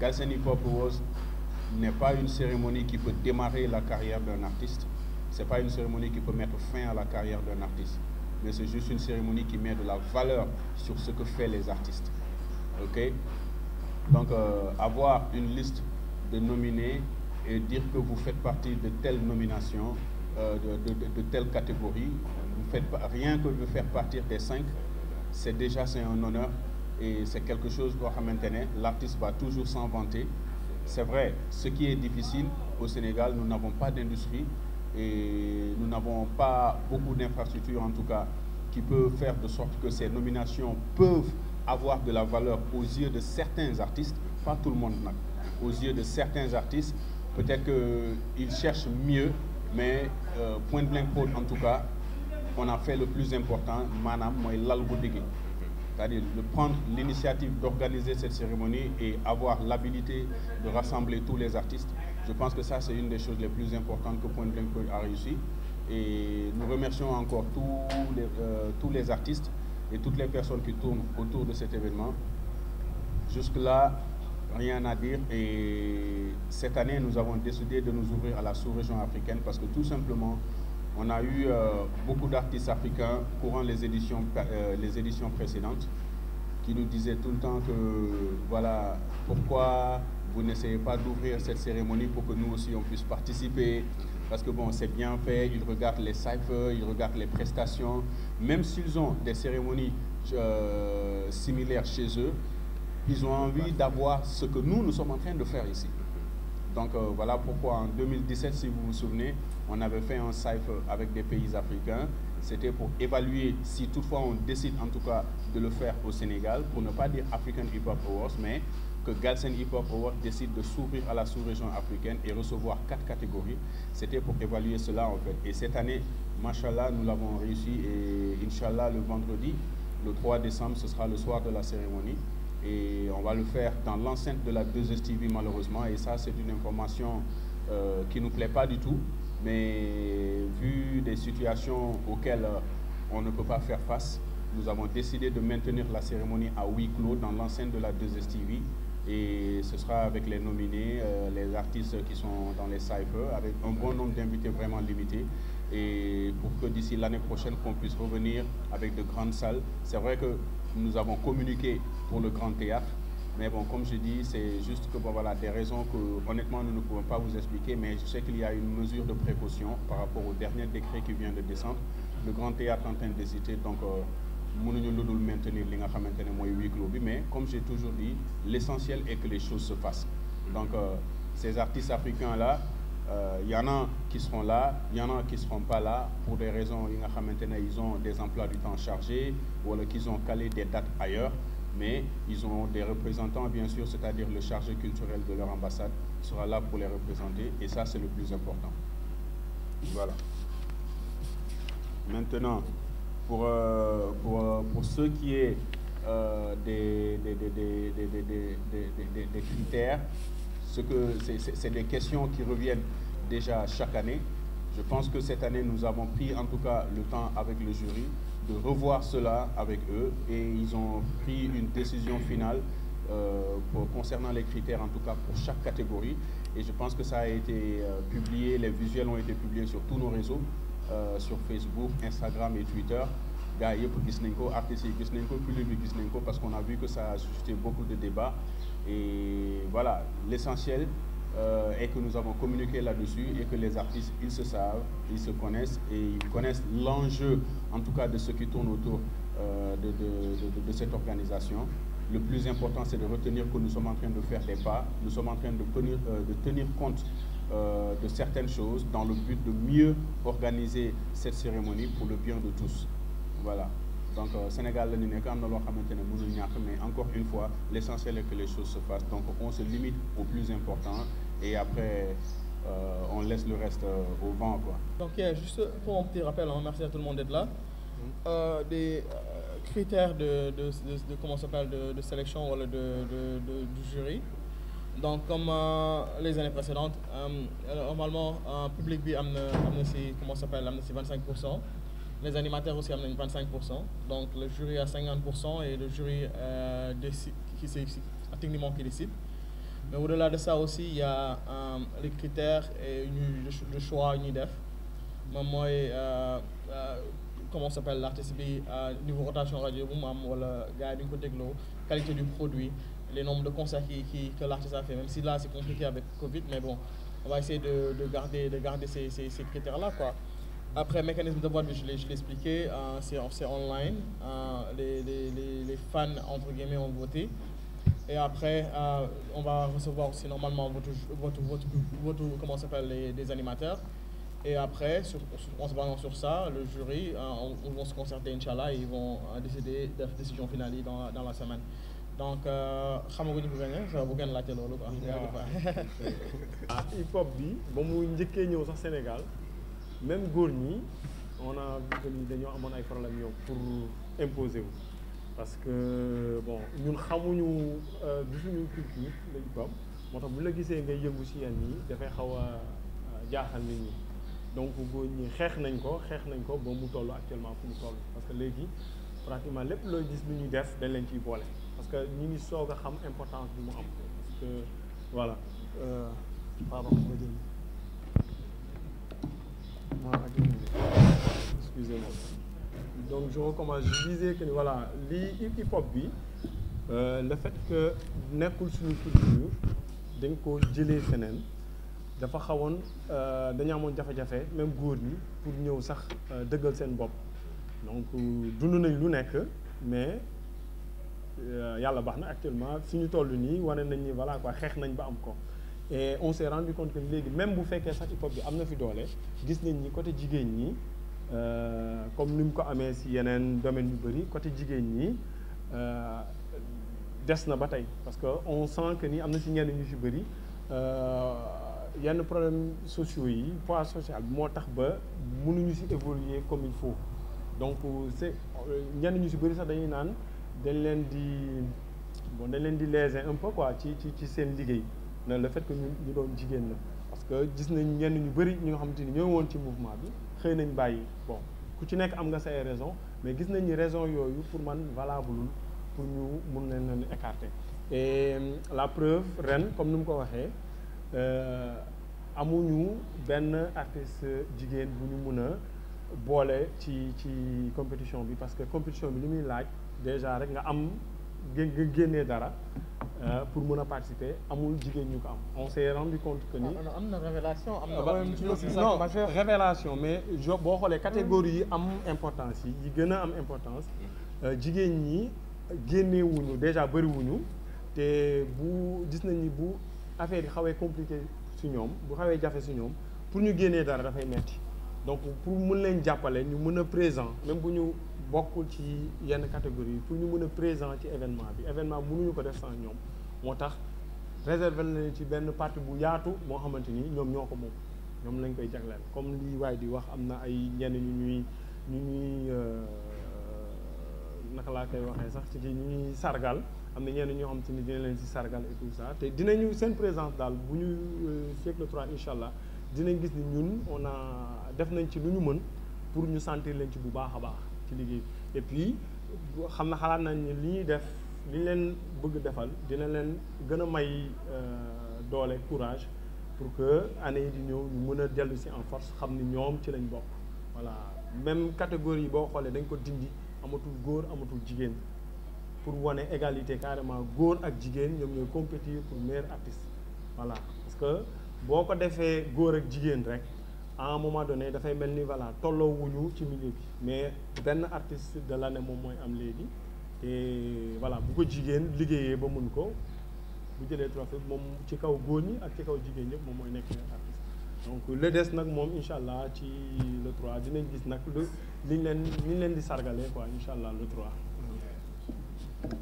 Galseni Pop Awards n'est pas une cérémonie qui peut démarrer la carrière d'un artiste. C'est pas une cérémonie qui peut mettre fin à la carrière d'un artiste. Mais c'est juste une cérémonie qui met de la valeur sur ce que fait les artistes. OK? Donc euh, avoir une liste de nominés et dire que vous faites partie de telle nomination, euh, de, de, de telle catégorie, vous faites rien que de faire partir des cinq, c'est déjà c'est un honneur. et c'est quelque chose boo xamante ne l'artiste va toujours s'en vanter c'est vrai ce qui est difficile au Sénégal nous n'avons pas d'industrie et nous n'avons pas beaucoup d'infrastructures en tout cas qui peut faire de sorte que ces nominations peuvent avoir de la valeur aux yeux de certains artistes pas tout le monde nag aux yeux de certains artistes peut-être qu'ils euh, cherchent mieux mais euh, Point Blank Prod en tout cas on a fait le plus important maanaam mooy lal bu digg c'est-à-dire de prendre l'initiative d'organiser cette cérémonie et avoir l'habilité de rassembler tous les artistes. Je pense que ça, c'est une des choses les plus importantes que Point Blanc a réussi. Et nous remercions encore tous les, euh, tous les artistes et toutes les personnes qui tournent autour de cet événement. Jusque-là, rien à dire. Et cette année, nous avons décidé de nous ouvrir à la sous-région africaine parce que tout simplement, On a eu euh, beaucoup d'artistes africains courant les éditions, euh, les éditions précédentes qui nous disaient tout le temps que voilà pourquoi vous n'essayez pas d'ouvrir cette cérémonie pour que nous aussi on puisse participer parce que bon c'est bien fait, ils regardent les cyphers, ils regardent les prestations, même s'ils ont des cérémonies euh, similaires chez eux, ils ont envie d'avoir ce que nous, nous sommes en train de faire ici. Donc euh, voilà pourquoi en 2017, si vous vous souvenez, on avait fait un cypher avec des pays africains. en tout cas de le Sénégal, pour ne pas dire mais que Galsen Hip Hop Awards décide la sous-région africaine et recevoir quatre catégories. C'était pour évaluer cela en fait. Et le vendredi, le 3 décembre, ce sera le et on va le faire dans l'enceinte de la 2STV malheureusement et ça c'est une information euh, qui nous plaît pas du tout mais vu des situations auxquelles euh, on ne peut pas faire face nous avons décidé de maintenir la cérémonie à huis clos dans l'enceinte de la 2STV et ce sera avec les nominés euh, les artistes qui sont dans les cyphers avec un bon nombre d'invités vraiment limités et pour que d'ici l'année prochaine qu'on puisse revenir avec de grandes salles c'est vrai que nous avons communiqué pour le grand théâtre. Mais bon, comme je dis, c'est juste que bon, voilà, des raisons que honnêtement nous ne pouvons pas vous expliquer, mais je sais qu'il y a une mesure de précaution par rapport au dernier décret qui vient de descendre. Le grand théâtre est en train d'hésiter, donc euh, mënuñu lu dul maintenir li nga xamante ne mooy huis clos bi mais comme j'ai toujours dit l'essentiel est que les choses se fassent donc euh, ces artistes africains là euh, y en a qui seront là y en a qui seront pas là pour des raisons yi nga xamante ne ils ont des emplois du temps chargés wala qu'ils ont calé des dates ailleurs mais ils ont des représentants bien sûr c'est-à-dire le chargé culturel de leur ambassade sera là pour les représenter et ça c'est le plus important voilà maintenant pour euh, pour euh, pour ce qui est euh, des des des des des des des des des critères ce que c'est des questions qui reviennent déjà chaque année. Je pense que cette année, nous avons pris en tout cas le temps avec le jury de revoir cela avec eux et ils ont pris une décision finale euh, pour, concernant les critères, en tout cas pour chaque catégorie. Et je pense que ça a été euh, publié, les visuels ont été publiés sur tous nos réseaux, euh, sur Facebook, Instagram et Twitter. gars yëpp gis nañ ko artistes yi gis nañ ko public bi gis nañ ko parce qu'on a vu que ça a suscité beaucoup de débats Et voilà, l'essentiel euh, est que nous avons communiqué là-dessus et que les artistes, ils se savent, ils se connaissent et ils connaissent l'enjeu, en tout cas de ce qui tourne autour euh, de, de, de, de cette organisation. Le plus important, c'est de retenir que nous sommes en train de faire des pas, nous sommes en train de tenir, euh, de tenir compte euh, de certaines choses dans le but de mieux organiser cette cérémonie pour le bien de tous. Voilà. donc euh, Sénégal la am na loo xamante ne mënul ñàkk mais encore une fois l' essentiel est que on se limite au important après euh, on laisse le reste euh, au vent quoi. donc juste pour un petit rappel hein, merci mm-hmm. des critères de de de, de comment de de sélection wala de de de donc comme les années précédentes bi am na am na si cinq pour cent. les animateurs aussi am nañ vingt cinq pour cent donc le jury à cinquante pour cent et le jury euh, décide qui c'est techniquement qui décide mais au-delà de ça aussi il y a euh, les critères et ñu le choix ñuy def moom mooy euh, euh, comment s'appelle l'artiste bi euh, niveau rotation radio bu mu am wala gars yi bi ñu ko dégloo qualité du produit les nombres de concerts qui qui que l'artiste a fait même si là c'est compliqué avec Covid mais bon on va essayer de garder ces critères là quoi Après, mécanisme de vote, je l'ai expliqué, euh, c'est online. Euh, les, les, les, les, fans, entre guillemets, ont voté. Et après, euh, on va recevoir aussi normalement votre, votre, votre, votre comment s'appelle, les, des animateurs. Et après, sur, en se basant sur ça, le jury, euh, on, se concerter, Inch'Allah, et ils vont euh, décider de la décision dans, la semaine. donc xamaguñu bu gagné bu ngeen laajte loolu quoi. waaw hip hop bi ba mu njëkkee ñëw sax Sénégal. même góor ñi on a vu que dañoo amoon ay problème yow pour imposer wu parce que bon ñun xamuñu euh, gisuñu culture lañu ko am moo tax bu la gisee ngay yëngu si yenn yi dafay xaw a euh, jaaxal nit ñi donc góor ñi xeex nañ ko xeex nañ ko ba mu toll actuellement fu mu toll parce que léegi pratiquement lépp looy gis lu ñuy def dañ leen ciy boole parce que ñu ngi soog a xam importance bi mu am parce que voilà. Euh, excusez-moi donc je commence je disais que voilà lii hip hop bi euh, le fait que nekkul suñu culture dañ ko jëlee feneen dafa xawoon euh, dañu amoon jafe-jafe même góor ñi pour ñëw sax euh, dëggal seen bopp donc dund nañ lu nekk mais yàlla baax na actuellement suñu ñu toll nii wane nañ ni voilà quoi xeex nañ ba am ko et on s'est rendu compte que léegi même bu fekkee sax hip hop bi am na fi doole gis nañ ni côté jigéen ñi euh, comme ni mu ko amee si yeneen domaine yu bëri côté jigéen ñi euh, des na ba tey parce que on sent que ni am na si ñenn ñu si bëri euh, yenn problème sociaux yi poids social bi moo tax ba mënuñu si évoluer comme il faut donc c'est ñenn ñu si bëri sax dañuy naan dañ leen di bon dañ leen di léser un peu quoi ci ci ci seen liggéey. le fait que ñu ñu doon jigéen la parce que gis nañ ñenn ñu bëri ñi nga xamante ni ñooy woon ci mouvement bi xëy nañu bàyyi bon ku ci nekk am nga say raison mais gis nañ ni raison yooyu pour man valable pour ñu mun leen leen écarter et la preuve ren comme ni mu ko waxee euh, amuñu benn artiste jigéen bu ñu mun a boole ci ci compétition bi parce que compétition bi li muy laaj déjà rek nga am nga génnee dara Euh, pour mën a participer amul jigéen ñu ko am on s'est rendu compte que ni. Ah, am na révélation am na ah, non révélation mais jo boo xoolee catégorie yi am mm. importance yi yi gën a am importance euh, jigéen ñi génnewuñu déjà bëriwuñu te bu gis nañ ni bu affaire yi xawee compliqué si ñoom bu xawee jafe si ñoom pour ñu génnee dara dafay metti donc pour mën leen jàppale ñu mën a présent même bu ñu. bokkul ci yenn catégorie pour ñu mën a présent ci événement bi événement ñu ko def sans ñoom moo tax réservé nañu ci benn partie bu yaatu moo xamante ni ñoom ñoo ko moom ñoom lañ koy jagleel comme li waaye di wax am na ay ñenn ñu ñuy ñu ñuy euh, naka laa koy waxee sax ci ñu ñuy sargal am na ñenn ñoo xam te ni dina leen ci sargal et tout ça te dinañu seen présence daal bu ñu euh, siècle 3 incha allah dinañ gis ni ñun on a def nañ ci lu ñu mën pour ñu sentir leen ci bu baax a baax. ci liggéey bi et puis xam na xalaat nañ ni li ñuy def li leen bëgg defal dina leen gën a may euh, doole courage pour que année yi ñëw ñu mën a dellu si en force xam ni ñoom ci lañ bokk voilà même catégorie boo xoolee dañ ko dindi amatul góor amatul jigéen pour wane égalité carrément góor ak jigéen ñoom ñooy compétir pour meilleur artiste voilà parce que boo ko defee góor ak jigéen rek ah un moment donné dafay mel ni voilà tolloo wuñu ci milieu bi mais benn artiste de l'année moom mooy am léegi te voilà bu ko jigéen liggéeyee ba mun ko bu jëlee trophée moom ci kaw góor ñi ak ci kaw jigéen ñëpp moom mooy nekk artiste donc le des nag moom incha allah ci le 3 dinañ gis nag lu liñ leen liñ leen di sargalee ko incha allah le 3.